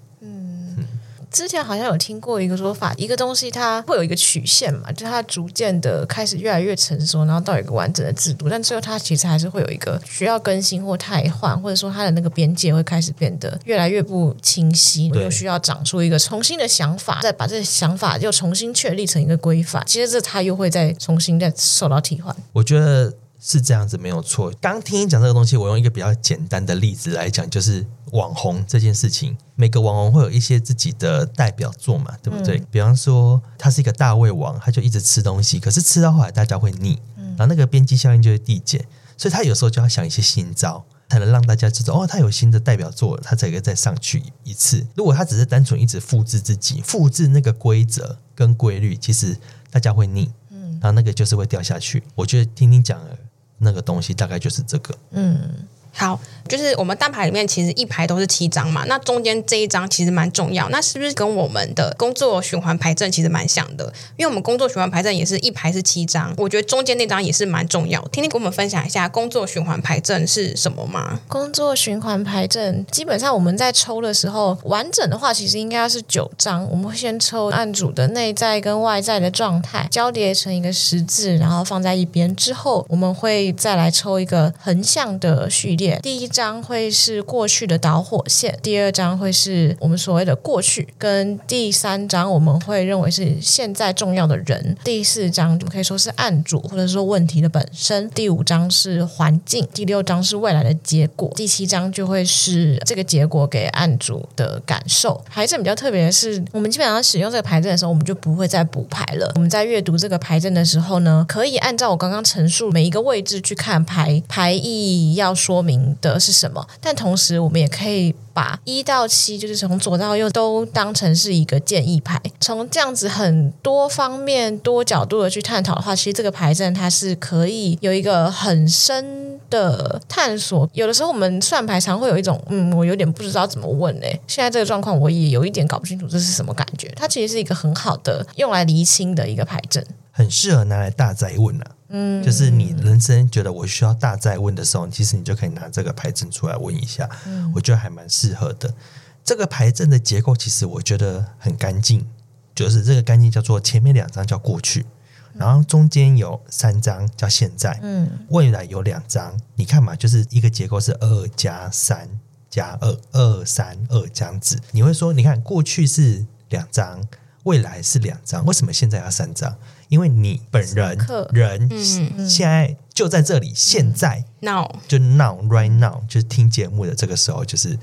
之前好像有聽過一個說法，一個東西它會有一個曲線嘛，就它逐漸的開始越來越成熟，然後到一個完整的制度，但最後它其實還是會有一個需要更新或替換，或者說它的那個邊界會開始變得越來越不清晰，對又需要長出一個重新的想法，再把這個想法又重新確立成一個規範，其實這它又會再重新再受到替換。我覺得。是這樣子沒有錯。剛聽你講這個東西，我用一個比較簡單的例子來講，就是網紅這件事情，每個網紅會有一些自己的代表作嘛，對不對？嗯、比方說，他是一個大胃王，他就一直吃東西，可是吃到後來大家會膩，嗯、然後那個邊際效應就會遞減，所以他有時候就要想一些新招，才能讓大家知道哦，他有新的代表作，他才可以再上去一次。如果他只是單純一直複製自己，複製那個規則跟規律，其實大家會膩。然後那個就是會掉下去，我覺得聽聽講那個東西大概就是這個。嗯。好，就是我們大牌裡面其實一排都是七張嘛，那中間這一張其實蠻重要，那是不是跟我們的工作循環牌陣其實蠻像的？因為我們工作循環牌陣也是一排是七張，我覺得中間那張也是蠻重要。聽聽跟我們分享一下工作循環牌陣是什麼嗎？工作循環牌陣基本上我們在抽的時候，完整的話其實應該是九張。我們會先抽案主的內在跟外在的狀態交疊成一個十字，然後放在一邊之後，我們會再來抽一個橫向的序列。第第一章會是過去的導火線，第二章會是我們所謂的過去，跟第三章我們會認為是現在重要的人，第四章就可以說是案主或者說問題的本身，第五章是環境，第六章是未來的結果，第七章就會是這個結果給案主的感受。牌陣比較特別的是，我們基本上使用這個牌陣的時候，我們就不會再補牌了。我們在閱讀這個牌陣的時候呢，可以按照我剛剛陳述每一個位置去看牌，牌意要說。明的是什麼？但同時，我們也可以把一到七，就是從左到右都當成是一個建議牌。從這樣子很多方面、多角度的去探討的話，其實這個牌陣它是可以有一個很深的探索。有的時候，我們算牌常會有一種，嗯，我有點不知道怎麼問呢、欸。現在這個狀況，我也有一點搞不清楚，這是什麼感覺？它其實是一個很好的用來釐清的一個牌陣，很適合拿來大哉問啊。嗯、就是你人生覺得我需要大哉問的時候，其實你就可以拿這個牌陣出來問一下。嗯、我覺得還蠻適合的。這個牌陣的結構其實我覺得很乾淨，就是這個乾淨叫做前面兩張叫過去，然後中間有三張叫現在，嗯，未來有兩張。你看嘛，就是一個結構是二加三加二二三二這樣子。你會說，你看過去是兩張，未來是兩張，為什麼現在要三張？因為你本人人現在就在這裡，現在 now 就 now right now 就是聽節目的這個時候，就是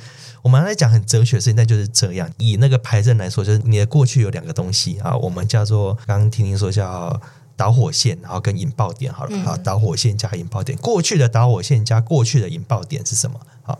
我們來講很哲學的事情，那就是這樣。以那個牌陣來說，就是你的過去有兩個東西啊，我們叫做剛剛聽聽說叫導火線，然後跟引爆點好了啊，導火線加引爆點。過去的導火線加過去的引爆點是什麼？啊，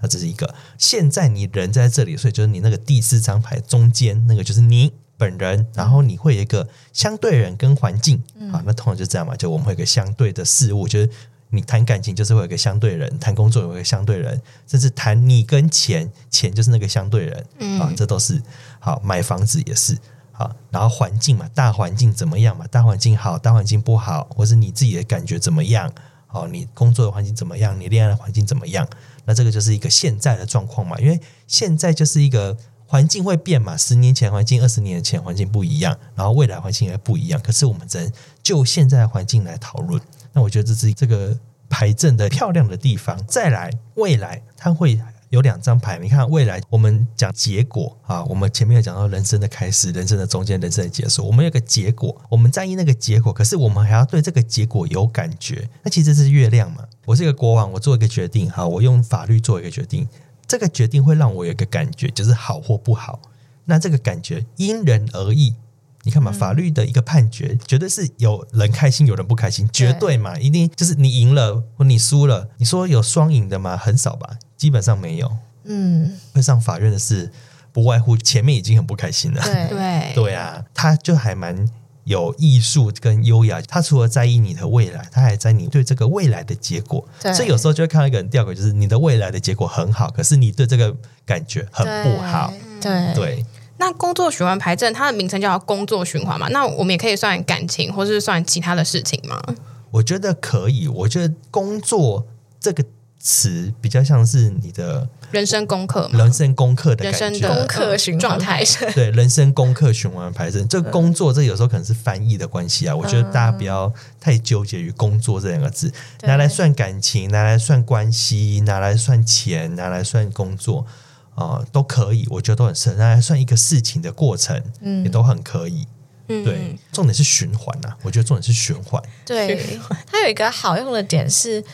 那這是一個。現在你人在這裡，所以就是你那個第四張牌中間那個就是你。本人，然後你會有一個相對人跟環境、嗯、啊，那通常就這樣嘛，就我們會有個相對的事物，就是你談感情就是會有個相對人，談工作會有一個相對人，甚至談你跟錢，錢就是那個相對人、嗯、啊，這都是好，買房子也是好，然後環境嘛，大環境怎麼樣嘛，大環境好，大環境不好，或是你自己的感覺怎麼樣？好、哦，你工作的環境怎麼樣？你戀愛的環境怎麼樣？那這個就是一個現在的狀況嘛，因為現在就是一個。環境會變嘛？十年前環境，二十年前環境不一樣，然後未來環境也不一樣。可是我們真就現在的環境來討論，那我覺得這是這個牌陣的漂亮的地方。再來，未來它會有兩張牌。你看，未來我們講結果啊，我們前面有講到人生的開始、人生的中間、人生的結束，我們有個結果，我們在意那個結果，可是我們還要對這個結果有感覺。那其實是月亮嘛。我是一個國王，我做一個決定哈，我用法律做一個決定。這個決定會讓我有一個感覺，就是好或不好。那這個感覺因人而異。你看嘛，嗯、法律的一個判決，絕對是有人開心，有人不開心，絕對嘛，對，一定就是你贏了或你輸了。你說有雙贏的嘛，很少吧，基本上沒有。嗯，會上法院的事，不外乎前面已經很不開心了。對 對啊呀，他就還蠻。有藝術跟優雅，他除了在意你的未來，他還在意你對這個未來的結果。對，所以有時候就會看到一個人掉軌，就是你的未來的結果很好，可是你對這個感覺很不好。對，對對，那工作循環牌陣，它的名稱叫工作循環嘛？那我們也可以算感情，或是算其他的事情嗎？我覺得可以。我覺得工作這個。詞比較像是你的人生功課，嗯嗯，人生功課的人生功課循環狀態，對人生功課循環牌陣，這個工作，這有時候可能是翻譯的關係啊。嗯、我覺得大家不要太糾結於工作這兩個字，對拿來算感情，拿來算關係，拿來算錢，拿來算工作，啊、呃，都可以。我覺得都很深，拿來算一個事情的過程，嗯，也都很可以。對，嗯、重點是循環吶、啊。我覺得重點是循環。對，它有一個好用的點是，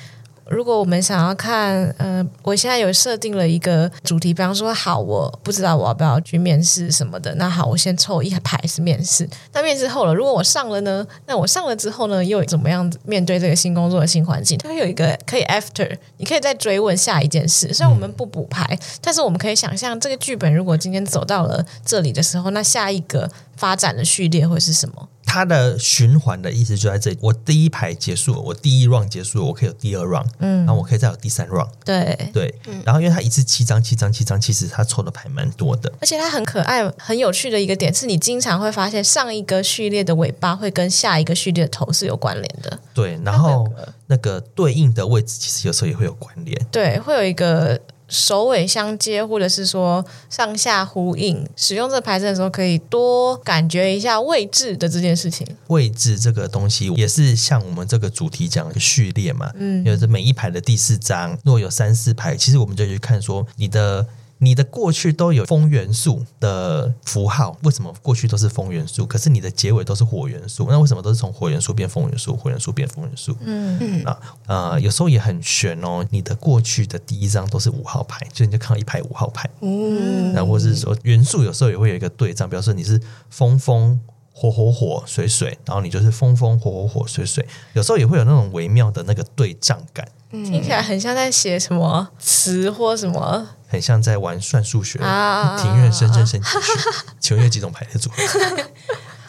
如果我們想要看，呃，我現在有設定了一個主題，比方說，好，我不知道我要不要去面試什麼的。那好，我先抽一排是面試。那面試後了，如果我上了呢？那我上了之後呢，又怎麼樣面對這個新工作的新環境？它有一個可以 after，你可以再追問下一件事。雖然我們不補牌，嗯，但是我們可以想象這個劇本，如果今天走到了這裡的時候，那下一個發展的序列會是什麼？它的循環的意思就在這裡。我第一排結束了，我第一 round 結束了，我可以有第二 round，嗯，然後我可以再有第三 round。對對，對。嗯、然後因為它一次七張七張七張，其實它抽的牌蠻多的。而且它很可愛、很有趣的一個點是，你經常會發現上一個序列的尾巴會跟下一個序列的頭是有關聯的。對，然後那個對應的位置其實有時候也會有關聯。對，會有一個。首尾相接，或者是說上下呼應，使用這牌陣的時候，可以多感覺一下位置的這件事情。位置這個東西也是像我們這個主題講的序列嘛，嗯，有着每一排的第四張，若有三四排，其實我們就去看說你的。你的過去都有風元素的符號，為什麼過去都是風元素？可是你的結尾都是火元素，那為什麼都是從火元素變風元素？火元素變風元素，嗯啊啊、呃，有時候也很玄哦。你的過去的第一張都是五號牌，就你就看到一排五號牌，嗯，然後是說元素有時候也會有一個對仗，比方說你是風風火火火水水，然後你就是風風火火火水水，有時候也會有那種微妙的那個對仗感，聽起來很像在寫什麼詞或什麼。很像在玩算數學，啊、庭院深深深幾許，啊，啊、請問有幾種排列組合？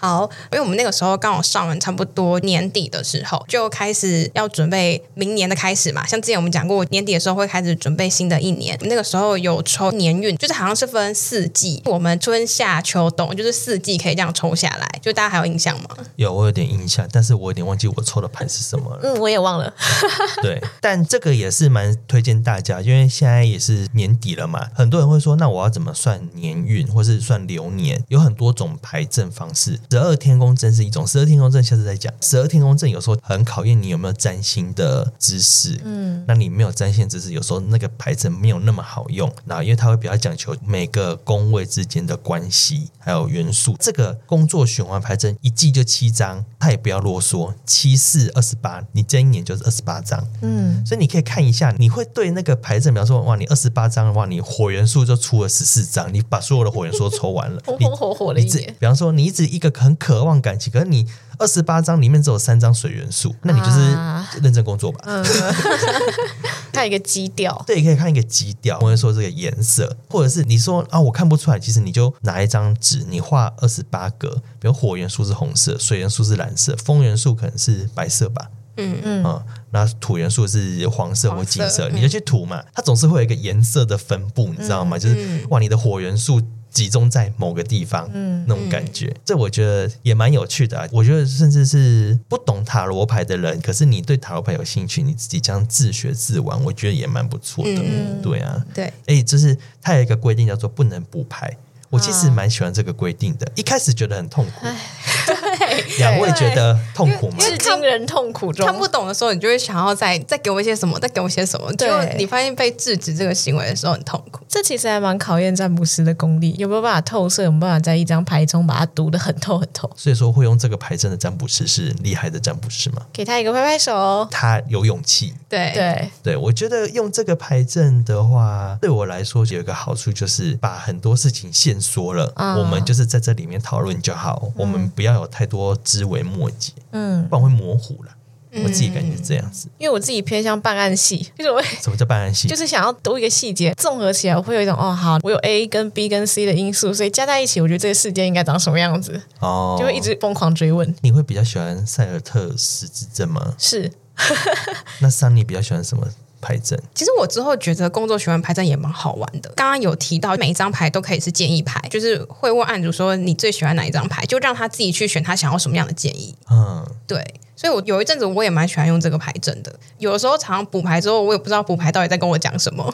好，因為我們那個時候剛好上完，差不多年底的時候就開始要準備明年的開始嘛。像之前我們講過，年底的時候會開始準備新的一年。那個時候有抽年運，就是好像是分四季，我們春夏秋冬就是四季可以這樣抽下來。就大家還有印象嗎？有，我有點印象，但是我有點忘記我抽的牌是什麼了。 嗯，我也忘了。 對，但這個也是蠻推薦大家，因為現在也是年底了嘛，很多人會說，那我要怎麼算年運，或是算流年？有很多種牌陣方式。十二天宮陣是一種，十二天宮陣下次再講。十二天宮陣有時候很考驗你有沒有占星的知識。嗯，那你沒有占星的知識，有時候那個牌陣沒有那麼好用。那因為它會比較講求每個宮位之間的關係，還有元素。這個工作循環牌陣一季就七張，它也不要囉嗦，七四二十八，你占一年就是二十八張。嗯，所以你可以看一下，你會對那個牌陣，比方說，哇，你二十八張的話，你火元素就出了十四張，你把所有的火元素都抽完了，風風火火的意思。比方說，你一直一個。很渴望感情，可是你二十八張裡面只有三張水元素，啊、那你就是認真工作吧、呃。 看一個基調，對，可以看一個基調。或者說這個顏色，或者是你說啊，我看不出來，其實你就拿一張紙，你畫二十八格，比如火元素是紅色，水元素是藍色，風元素可能是白色吧。嗯嗯那、嗯、土元素是黃色或金色，色嗯、你就去塗嘛。它總是會有一個顏色的分布，你知道嗎？嗯嗯就是哇，你的火元素。集中在某個地方，嗯，那種感覺，嗯、這我覺得也蠻有趣的、啊。我覺得甚至是不懂塔羅牌的人，可是你對塔羅牌有興趣，你自己將自學自玩，我覺得也蠻不錯的。嗯、對啊，對，哎、欸，就是他有一個規定叫做不能補牌，我其實蠻喜歡這個規定的。啊、一開始覺得很痛苦。唉 兩位覺得痛苦嗎？至今人痛苦中看，看不懂的時候，你就會想要再再給我一些什麼，再給我一些什麼。就對你發現被制止這個行為的時候，很痛苦。這其實還蠻考驗占卜師的功力，有沒有辦法透徹，有沒有辦法在一張牌中把它讀得很透很透。所以說，會用這個牌陣的占卜師是厲害的占卜師嗎？給他一個拍拍手，他有勇氣。對對對，我覺得用這個牌陣的話，對我來說有一個好處，就是把很多事情限縮了，啊、我們就是在這裡面討論就好，嗯、我們不要有太多。多知微末節，嗯，不然會模糊了。我自己感覺是這樣子，嗯，因為我自己偏向辦案系。就是我會，什麼叫辦案系？就是想要讀一個細節，綜合起來，我會有一種哦，好，我有 A 跟 B 跟 C 的因素，所以加在一起，我覺得這個世界應該長什麼樣子？哦，就會一直瘋狂追問。你會比較喜歡塞爾特十字陣嗎？是。 那 Sunny 比較喜歡什麼？牌陣，其實我之後覺得工作循環牌陣也蠻好玩的。剛剛有提到每一張牌都可以是建議牌，就是會問案主說，你最喜歡哪一張牌，就讓他自己去選他想要什麼樣的建議。嗯。對，所以，我有一陣子我也蠻喜歡用這個牌陣的。有的時候，常常補牌之後，我也不知道補牌到底在跟我講什麼。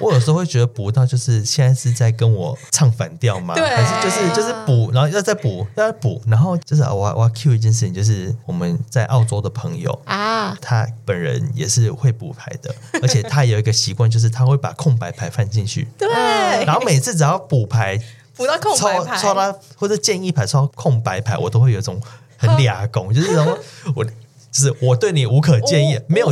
我有時候會覺得補到就是現在是在跟我唱反調嘛，還是就是就是補，然後要再補，要再補，然後就是我我要 cue 一件事情，就是我們在澳洲的朋友啊，他本人也是會補牌的，而且他有一個習慣，就是他會把空白牌放進去。對，然後每次只要補牌補到，到空白牌或者建議牌抽空白牌，我都會有一種。很倆功，就是什麼，我 就是我對你無可建議，沒有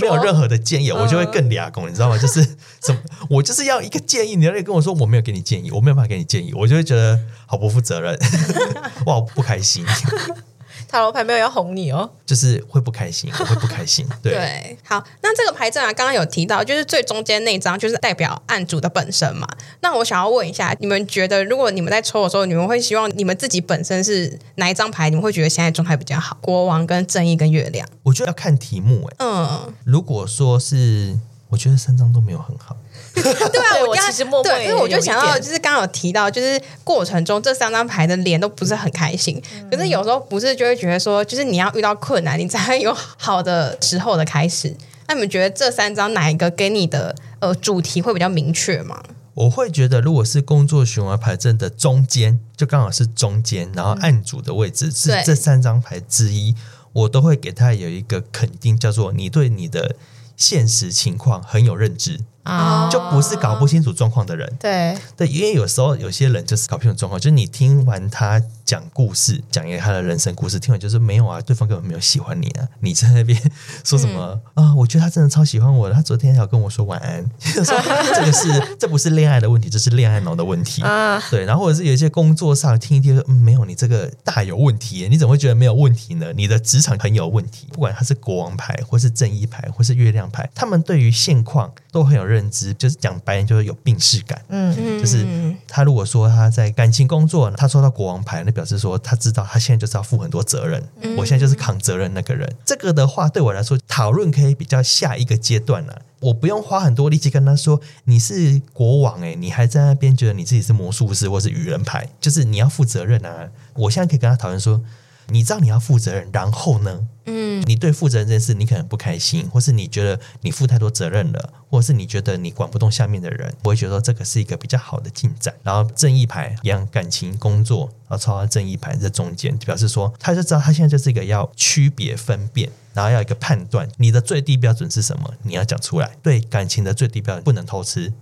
沒有任何的建議，嗯、我就會更倆功，你知道嗎？就是什麼，我就是要一個建議，你要跟，你跟我說我沒有給你建議，我沒有辦法給你建議，我就會覺得好不負責任， 我好不開心。 塔羅牌沒有要哄你哦，就是會不開心，會不開心。 對，好，那這個牌陣啊，剛剛有提到，就是最中間那一張，就是代表案主的本身嘛。那我想要問一下，你們覺得，如果你們在抽的時候，你們會希望你們自己本身是哪一張牌？你們會覺得現在狀態比較好？國王、跟正義、跟月亮，我覺得要看題目哎、欸。嗯，如果說是，我覺得三張都沒有很好。 對啊，對我剛才其實對，因為我就想到，就是剛好有提到，就是過程中這三張牌的臉都不是很開心。嗯、可是有時候不是就會覺得說，就是你要遇到困難，你才有好的時候的開始。那你們覺得這三張哪一個給你的呃主題會比較明確嗎？我會覺得，如果是工作循環牌陣的中間，就剛好是中間，然後暗主的位置、嗯、是這三張牌之一，我都會給他有一個肯定，叫做你對你的現實情況很有認知。啊，oh, 就不是搞不清楚狀況的人，對對，因為有時候有些人就是搞不清楚狀況，就是你聽完他講故事，講一個他的人生故事，聽完就是沒有啊，對方根本沒有喜歡你啊，你在那邊說什麼、嗯、啊？我覺得他真的超喜歡我的，他昨天還要跟我說晚安，就是說這個是 這不是戀愛的問題，這是戀愛腦的問題啊。Uh, 對，然後或者是有些工作上聽一聽說，嗯、沒有你這個大有問題耶，你怎麼會覺得沒有問題呢？你的職場很有問題，不管他是國王牌或是正義牌或是月亮牌，他們對於現況。都很有認知，就是講白人就是有病識感，嗯，就是他如果說他在感情工作呢，他抽到國王牌，那表示說他知道他現在就是要負很多責任，嗯、我現在就是扛責任那個人。這個的話對我來說，討論可以比較下一個階段了，啊，我不用花很多力氣跟他說你是國王，欸，誒，你還在那邊覺得你自己是魔術師或是愚人牌，就是你要負責任啊。我現在可以跟他討論說。你知道你要負責任，然後呢？嗯，你對負責任這事，你可能不開心，或是你覺得你負太多責任了，或者是你覺得你管不動下面的人，我會覺得說這個是一個比較好的進展。然後正義牌一樣，感情工作，然後抽到正義牌在中間，表示說他就知道他現在就是一個要區別分辨，然後要一個判斷，你的最低標準是什麼？你要講出來。對感情的最低標準，不能偷吃。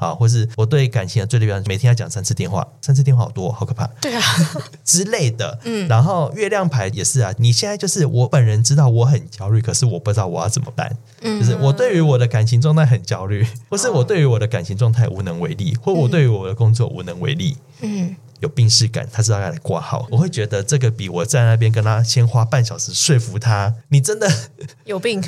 好、啊，或是我對感情的最低標準，每天要講三次電話，三次電話好多，好可怕，對啊 之類的。嗯，然後月亮牌也是啊，你現在就是我本人知道我很焦慮，可是我不知道我要怎麼辦。嗯、就是我對於我的感情狀態很焦慮，或是我對於我的感情狀態無能為力，或我對於我的工作無能為力。嗯嗯，有病識感，他是要來掛號。我會覺得這個比我在那邊跟他先花半小時說服他，你真的有病，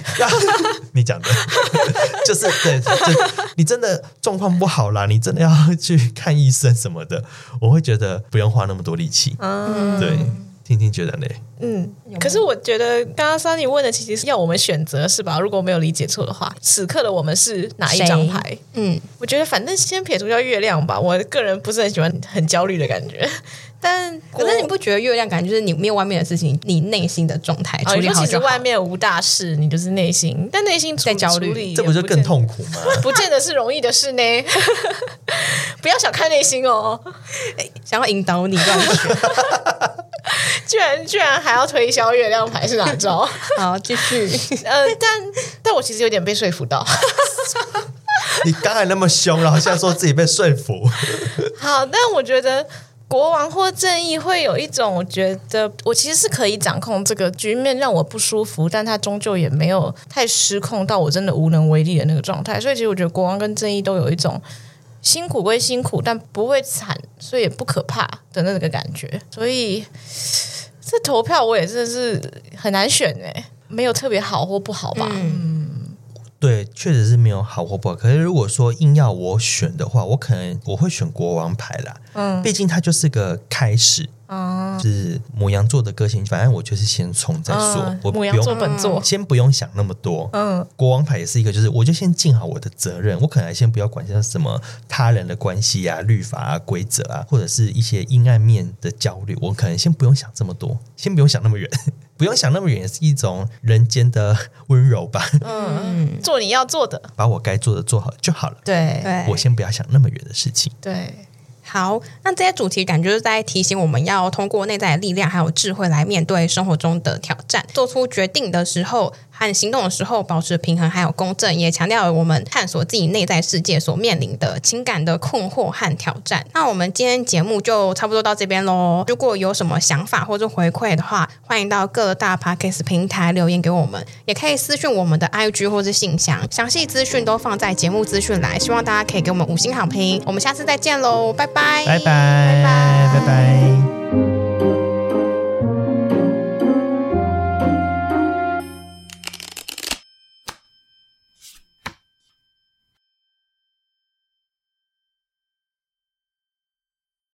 你講的， 就是對，就，你真的狀況不好啦，你真的要去看醫生什麼的，我會覺得不用花那麼多力氣。嗯，對。聽聽覺得呢，嗯，可是我覺得剛剛 Sunny 問的其實是要我們選擇是吧？如果沒有理解錯的話，此刻的我們是哪一張牌？嗯，我覺得反正先撇除掉月亮吧，我個人不是很喜歡很焦慮的感覺。但可是你不覺得月亮感覺就是你沒有外面的事情，你內心的狀態處理好就好、哦、說其實外面無大事，你就是內心，但內心在焦慮，這不是更痛苦嗎？ 不見得是容易的事呢。 不要小看內心哦，想要引導你， 居然居然還要推銷月亮牌是哪招？ 好，繼續。 呃、但但我其實有點被說服到。 你剛才那麼凶，然後現在說自己被說服。 好，但我覺得。國王或正義會有一種，我覺得我其實是可以掌控這個局面，讓我不舒服，但他終究也沒有太失控到我真的無能為力的那個狀態。所以其實我覺得國王跟正義都有一種辛苦歸辛苦，但不會慘，所以也不可怕的那個感覺。所以這投票我也真的是很難選欸，沒有特別好或不好吧。嗯對，確實是沒有好或不好。可是如果說硬要我選的話，我可能我會選國王牌啦。嗯，畢竟它就是個開始。就、嗯、是牡羊座的個性，反正我就是先衝再說。嗯、我牡羊座本座先不用想那麼多。嗯，國王牌也是一個，就是我就先盡好我的責任。我可能還先不要管像什麼他人的關係啊、律法啊、規則啊，或者是一些陰暗面的焦慮，我可能先不用想這麼多，先不用想那麼遠。不用想那麼遠，也是一種人間的溫柔吧。嗯，做你要做的，把我該做的做好就好了。對，對我先不要想那麼遠的事情。對，好，那這些主題感覺就是在提醒我們要通過內在的力量還有智慧來面對生活中的挑戰，做出決定的時候，按行動的時候保持平衡，還有公正，也強調了我們探索自己內在世界所面臨的情感的困惑和挑戰。那我們今天節目就差不多到這邊嘍。如果有什麼想法或者回饋的話，歡迎到各大 podcast 平台留言給我們，也可以私訊我們的 IG 或者信箱。詳細資訊都放在節目資訊欄，希望大家可以給我們五星好評。我們下次再見嘍，拜拜，拜拜，拜拜，拜拜。拜拜。